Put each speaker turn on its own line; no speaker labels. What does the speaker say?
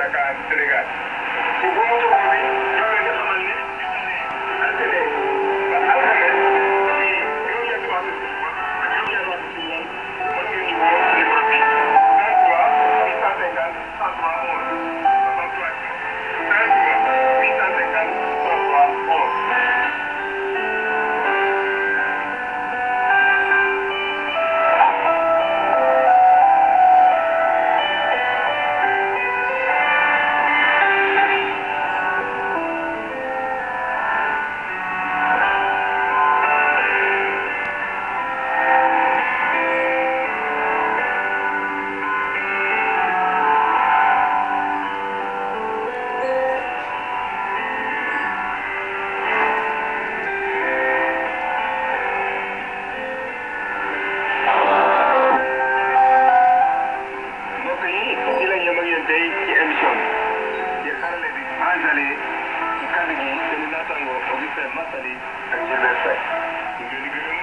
Dakar Sénégal.
yi ci la ñoom ak yéen tey ci émission bi ci xarale bi Anzale ci kàddu gi seen naataango Augustin Massali ak Gilbert Faye